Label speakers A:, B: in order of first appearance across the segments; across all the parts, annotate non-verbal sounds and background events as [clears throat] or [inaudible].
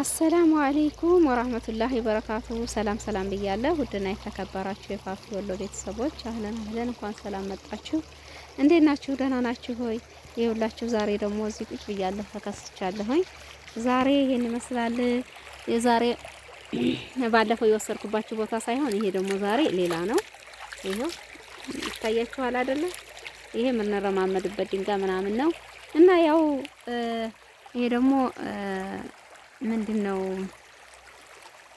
A: አሰላሙ አለይኩም ወራህመቱላሂ ወበረካቱ። ሰላም ሰላም ብያለሁ። ውድና የተከበራችሁ የፋፊ ወሎ ቤተሰቦች አህለን አህለን፣ እንኳን ሰላም መጣችሁ። እንዴት ናችሁ? ደህና ናችሁ ሆይ? ይኸውላችሁ ዛሬ ደግሞ እዚህ ቁጭ ብያለሁ፣ ተከስቻለሁኝ። ዛሬ ይሄን ይመስላል። የዛሬ [clears throat] ባለፈው የወሰድኩባችሁ ቦታ ሳይሆን ይሄ ደግሞ ዛሬ ሌላ ነው። ይሄው ይታያችኋል አይደለ? ይሄ የምንረማመድበት ድንጋይ ምናምን ነው እና ያው ይሄ ደግሞ ምንድን ነው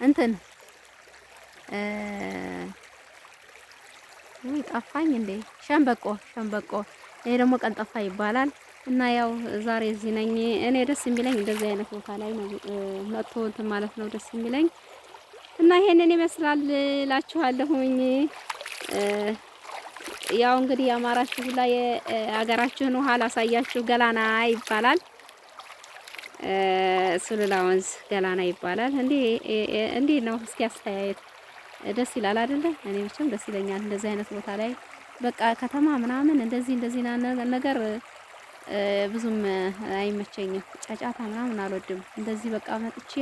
A: እንትን ጠፋኝ እንዴ ሸንበቆ ሸንበቆ ይሄ ደግሞ ቀንጠፋ ይባላል። እና ያው ዛሬ እዚህ ነኝ። እኔ ደስ የሚለኝ እንደዚህ አይነት ቦታ ላይ ነው መጥቶ እንትን ማለት ነው ደስ የሚለኝ እና ይሄንን ይመስላል እላችኋለሁኝ። ያው እንግዲህ የአማራችሁ ላይ የሀገራችሁን ውሃ ላሳያችሁ። ገላና ይባላል። ሱሉላ ወንዝ ገላና ይባላል። እንዲህ ነው። እስኪ አስተያየት ደስ ይላል አይደለ? እኔ ብቻም ደስ ይለኛል እንደዚህ አይነት ቦታ ላይ በቃ ከተማ ምናምን እንደዚህ እንደዚህ ነገር ብዙም አይመቸኝም። ጫጫታ ምናምን አልወድም። እንደዚህ በቃ መጥቼ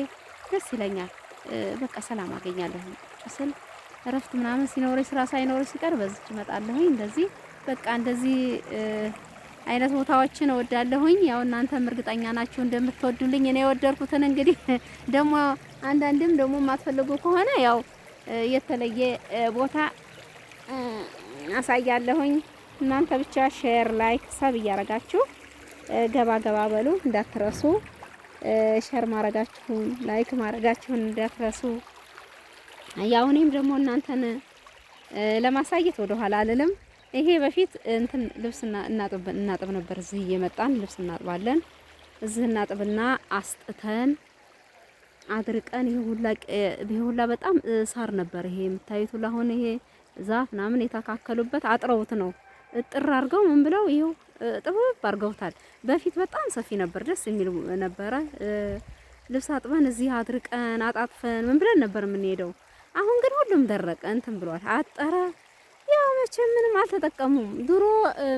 A: ደስ ይለኛል። በቃ ሰላም አገኛለሁ ስል እረፍት ምናምን ሲኖረኝ ስራ ሳይኖረኝ ሲቀር በዚች እመጣለሁኝ። እንደዚህ በቃ እንደዚህ አይነት ቦታዎችን እወዳለሁኝ። ያው እናንተም እርግጠኛ ናችሁ እንደምትወዱልኝ እኔ የወደድኩትን። እንግዲህ [laughs] ደግሞ አንዳንድም ደግሞ የማትፈልጉ ከሆነ ያው የተለየ ቦታ አሳያለሁኝ። እናንተ ብቻ ሼር፣ ላይክ፣ ሰብ እያረጋችሁ ገባ ገባ በሉ እንዳትረሱ። ሼር ማረጋችሁን ላይክ ማረጋችሁን እንዳትረሱ። ያው እኔም ደግሞ እናንተን ለማሳየት ወደኋላ አልልም። ይሄ በፊት እንትን ልብስ እናጥብ ነበር። እዚህ እየመጣን ልብስ እናጥባለን። እዚህ እናጥብና አስጥተን አድርቀን ይሄ ሁላ ይሄ ሁላ በጣም ሳር ነበር። ይሄ የምታዩት አሁን ይሄ ዛፍ ምናምን የታካከሉበት አጥረውት ነው እጥር አድርገው ምን ብለው ይሄው ጥብብ አድርገውታል። በፊት በጣም ሰፊ ነበር፣ ደስ የሚል ነበረ። ልብስ አጥበን እዚህ አድርቀን አጣጥፈን ምን ብለን ነበር የምንሄደው። አሁን ግን ሁሉም ደረቀ፣ እንትን ብሏል፣ አጠረ መቼም ምንም አልተጠቀሙም። ድሮ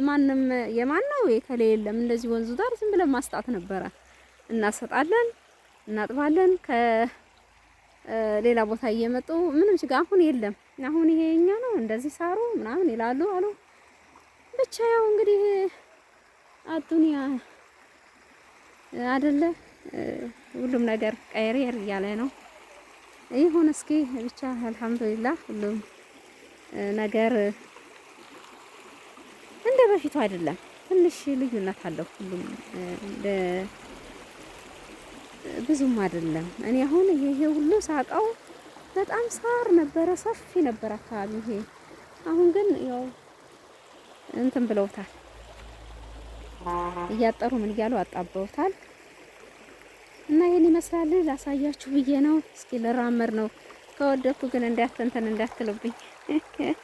A: ማንም የማን ነው የከሌ የለም። እንደዚህ ወንዙ ዳር ዝም ብለን ማስጣት ነበረ። እናሰጣለን፣ እናጥባለን ከሌላ ቦታ እየመጡ ምንም ችግር አሁን የለም። አሁን ይሄ የኛ ነው እንደዚህ ሳሩ ምናምን ይላሉ አሉ። ብቻ ያው እንግዲህ አዱንያ አይደለ ሁሉም ነገር ቀይሬር እያለ ነው። ይሁን እስኪ ብቻ አልሐምዱሊላህ ሁሉም ነገር እንደ በፊቱ አይደለም። ትንሽ ልዩነት አለው። ሁሉም ብዙም አይደለም። እኔ አሁን ይሄ ሁሉ ሳቀው በጣም ሳር ነበረ፣ ሰፊ ነበር አካባቢ ይሄ። አሁን ግን ያው እንትን ብለውታል፣ እያጠሩ ምን እያሉ አጣበውታል። እና ይሄን ይመስላል ላሳያችሁ ብዬ ነው። እስኪ ልራመድ ነው። ከወደኩ ግን እንዳትንተን እንዳትልብኝ፣ [laughs]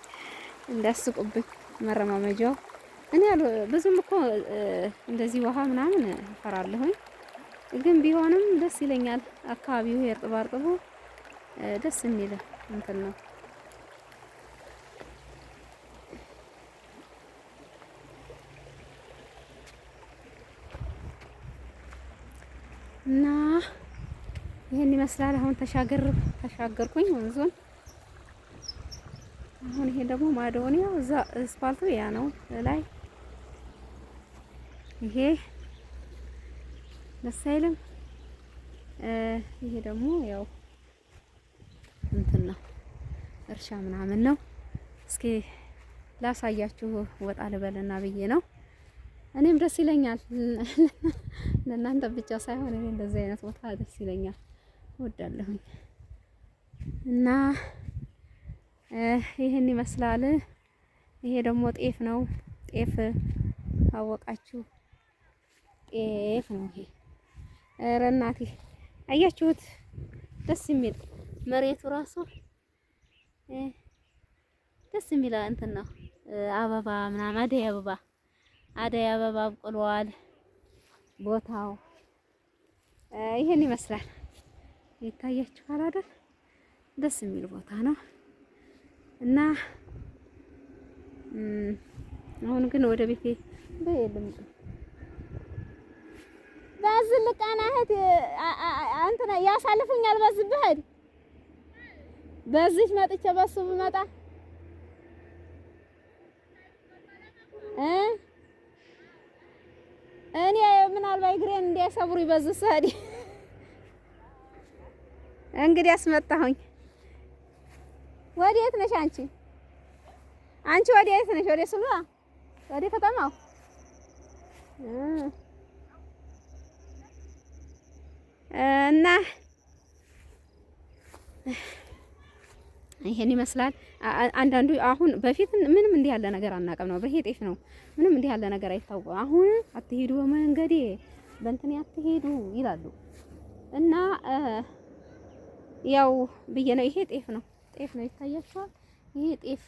A: እንዳስቁብኝ መረማመጃው እኔ ያሉ ብዙም እኮ እንደዚህ ውሃ ምናምን እፈራለሁኝ፣ ግን ቢሆንም ደስ ይለኛል። አካባቢው የእርጥባ ደስ የሚል እንትን ነው። እና ይሄን ይመስላል። አሁን ተሻገር ተሻገርኩኝ ወንዙን። አሁን ይሄ ደግሞ ማዶኒያ እዛ አስፋልቱ ያ ነው ላይ ይሄ ደስ አይልም። ይሄ ደግሞ ያው እንትን ነው እርሻ ምናምን ነው። እስኪ ላሳያችሁ ወጣ ልበልና ብዬ ነው። እኔም ደስ ይለኛል፣ [laughs] ለእናንተ ብቻ ሳይሆን እኔ እንደዚህ አይነት ቦታ ደስ ይለኛል ወዳለሁኝ እና ይህን ይመስላል። ይሄ ደግሞ ጤፍ ነው። ጤፍ አወቃችሁ ጤፍ ነው ይሄ። ኧረ እናቴ አያችሁት? ደስ የሚል መሬቱ ራሱ ደስ የሚል እንትን ነው። አበባ ምናምን አደይ አበባ አደይ አበባ አብቅሏል። ቦታው ይሄን ይመስላል። ይታያችኋል አይደል? ደስ የሚል ቦታ ነው እና አሁን ግን ወደ ቤቴ በየለም በዚህ ልቃና እህት እንትን ያሳልፉኛል። በዚህ ብሄድ በዚህ መጥቼ በሱ ብመጣ እኔ ምናልባት እግሬን እንዳይሰብሩኝ በዚህ ስሄድ እንግዲህ አስመጣሁኝ። ወዴት ነሽ አንቺ? አንቺ ወዴት ነሽ? ወደ ስሉ ወደ ከተማው እና ይሄን ይመስላል። አንዳንዱ አሁን በፊት ምንም እንዲህ ያለ ነገር አናውቅም ነው ይሄ ጤፍ ነው ምንም እንዲህ ያለ ነገር አይታወቅም። አሁን አትሄዱ በመንገዴ በእንትን አትሄዱ ይላሉ እና ያው ብዬ ነው። ይሄ ጤፍ ነው ጤፍ ነው ይታያችኋል። ይሄ ጤፍ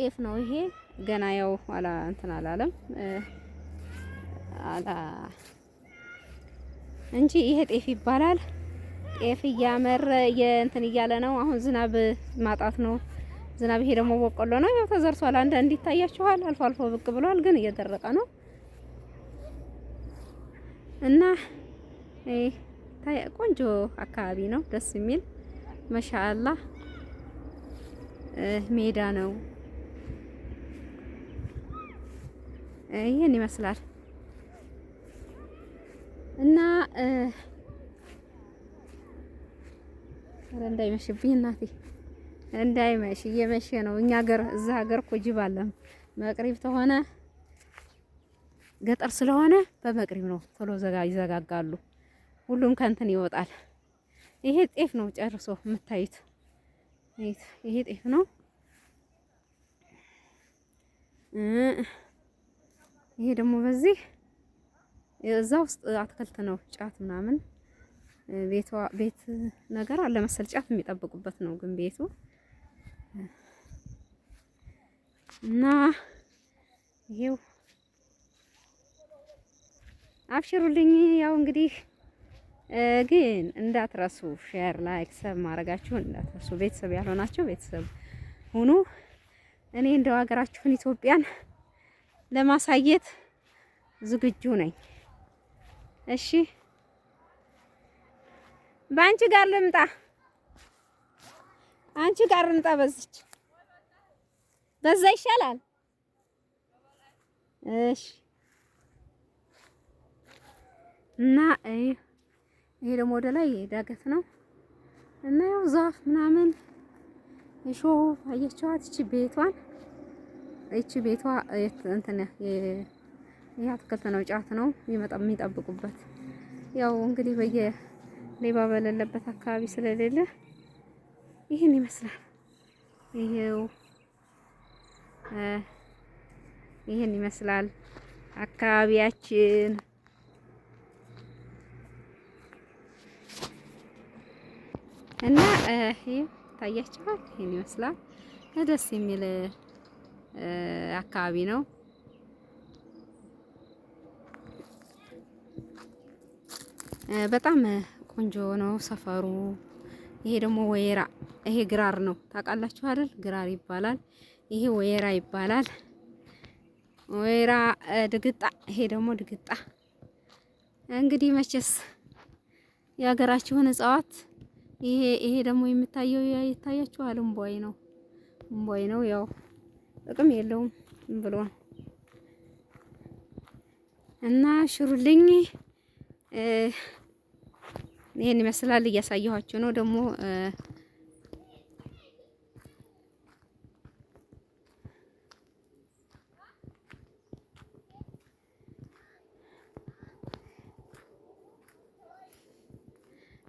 A: ጤፍ ነው። ይሄ ገና ያው አላ እንትን አላለም አላ እንጂ ይሄ ጤፍ ይባላል። ጤፍ እያመረ የእንትን እያለ ነው። አሁን ዝናብ ማጣት ነው ዝናብ። ይሄ ደግሞ በቆሎ ነው። ያው ተዘርቷል። አንዳንድ ይታያችኋል። አልፎ አልፎ ብቅ ብሏል፣ ግን እየደረቀ ነው እና ቆንጆ አካባቢ ነው። ደስ የሚል ማሻአላህ ሜዳ ነው። ይህን ይመስላል። እና ኧረ እንዳይመሽብኝ እናቴ እንዳይመሽ፣ እየመሸ ነው። እኛ ሀገር እዛ ሀገር እኮ ጅብ መቅሪብ ተሆነ ገጠር ስለሆነ በመቅሪብ ነው ቶሎ ዘጋ ይዘጋጋሉ። ሁሉም ከእንትን ይወጣል። ይሄ ጤፍ ነው ጨርሶ የምታዩት ይሄ ጤፍ ነው። ይሄ ደግሞ በዚህ እዛ ውስጥ አትክልት ነው ጫት ምናምን ቤቷ ቤት ነገር አለ መሰል ጫት የሚጠብቁበት ነው። ግን ቤቱ እና ይሄው አብሽሩልኝ። ያው እንግዲህ ግን እንዳትረሱ ሼር፣ ላይክ፣ ሰብ ማድረጋችሁን እንዳትረሱ። ቤተሰብ ያልሆናችሁ ቤተሰብ ሁኑ። እኔ እንደው ሀገራችሁን ኢትዮጵያን ለማሳየት ዝግጁ ነኝ። እሺ በአንቺ ጋር ልምጣ፣ አንቺ ጋር ልምጣ። በዚች በዛ ይሻላል። እሺ እና ይሄ ደግሞ ወደ ላይ ዳገት ነው እና ያው ዛፍ ምናምን እሾ አየችዋት። እቺ ቤቷን እቺ ቤቷ እንትን ይህ አትክልት ነው፣ ጫት ነው የሚጠብቁበት። ያው እንግዲህ በየሌባ በሌለበት አካባቢ ስለሌለ ይህን ይመስላል። ይሄው ይህን ይመስላል አካባቢያችን። እና ይሄ ታያችኋል። ይህን ይመስላል ደስ የሚል አካባቢ ነው። በጣም ቆንጆ ነው ሰፈሩ። ይሄ ደግሞ ወይራ፣ ይሄ ግራር ነው ታውቃላችሁ አይደል? ግራር ይባላል። ይሄ ወይራ ይባላል። ወይራ ድግጣ፣ ይሄ ደግሞ ድግጣ። እንግዲህ መቼስ የሀገራችሁን እጽዋት ይሄ ይሄ ደግሞ የምታየው ይታያችኋል። እምቧይ ነው እምቧይ ነው። ያው ጥቅም የለውም ብሏል እና ሽሩልኝ ይሄን ይመስላል። እያሳየኋችሁ ነው ደግሞ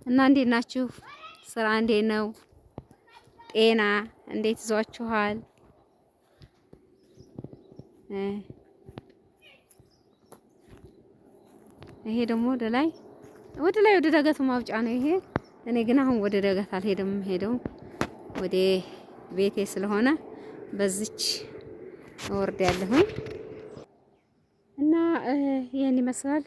A: እና እንዴት ናችሁ? ስራ እንዴት ነው? ጤና እንዴት ይዟችኋል? ይሄ ደግሞ ወደ ላይ ወደ ላይ ወደ ዳገቱ ማውጫ ነው ይሄ። እኔ ግን አሁን ወደ ዳገት አልሄድም። ሄደው ወደ ቤቴ ስለሆነ በዚች ወርድ ያለሁኝ እና ይሄን ይመስላል።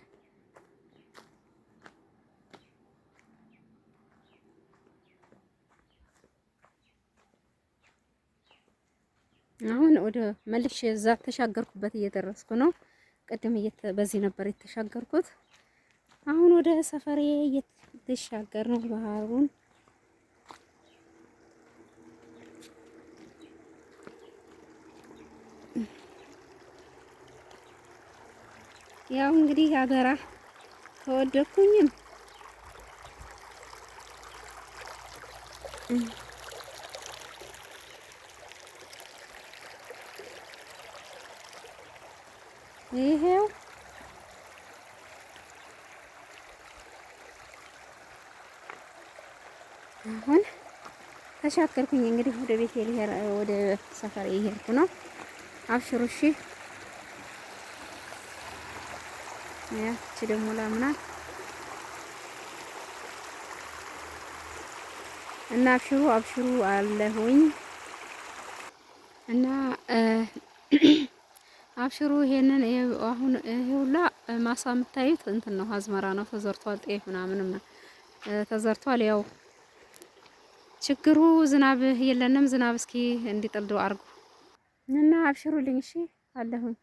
A: አሁን ወደ መልሼ እዛ ተሻገርኩበት እየደረስኩ ነው። ቅድም በዚህ ነበር የተሻገርኩት። አሁን ወደ ሰፈሬ እየተሻገር ነው ባህሩን ያው እንግዲህ አደራ ተወደኩኝም አሁን ተሻከርኩኝ እንግዲህ ወደ ቤት ልሄድ ወደ ሰፈር እየሄድኩ ነው። አብሽሩ እሺ። ያቺ ደግሞ ላምና እና አብሽሩ አብሽሩ አለሁኝ እና አብሽሩ ይሄንን አሁን ይሄውላ ማሳ የምታዩት እንትን ነው፣ አዝመራ ነው። ተዘርቷል። ጤፍ ምናምንም ተዘርቷል ያው ችግሩ ዝናብ የለንም። ዝናብ እስኪ እንዲጥልዶ አርጉ እና አብሽሩልኝ። እሺ አለሁኝ።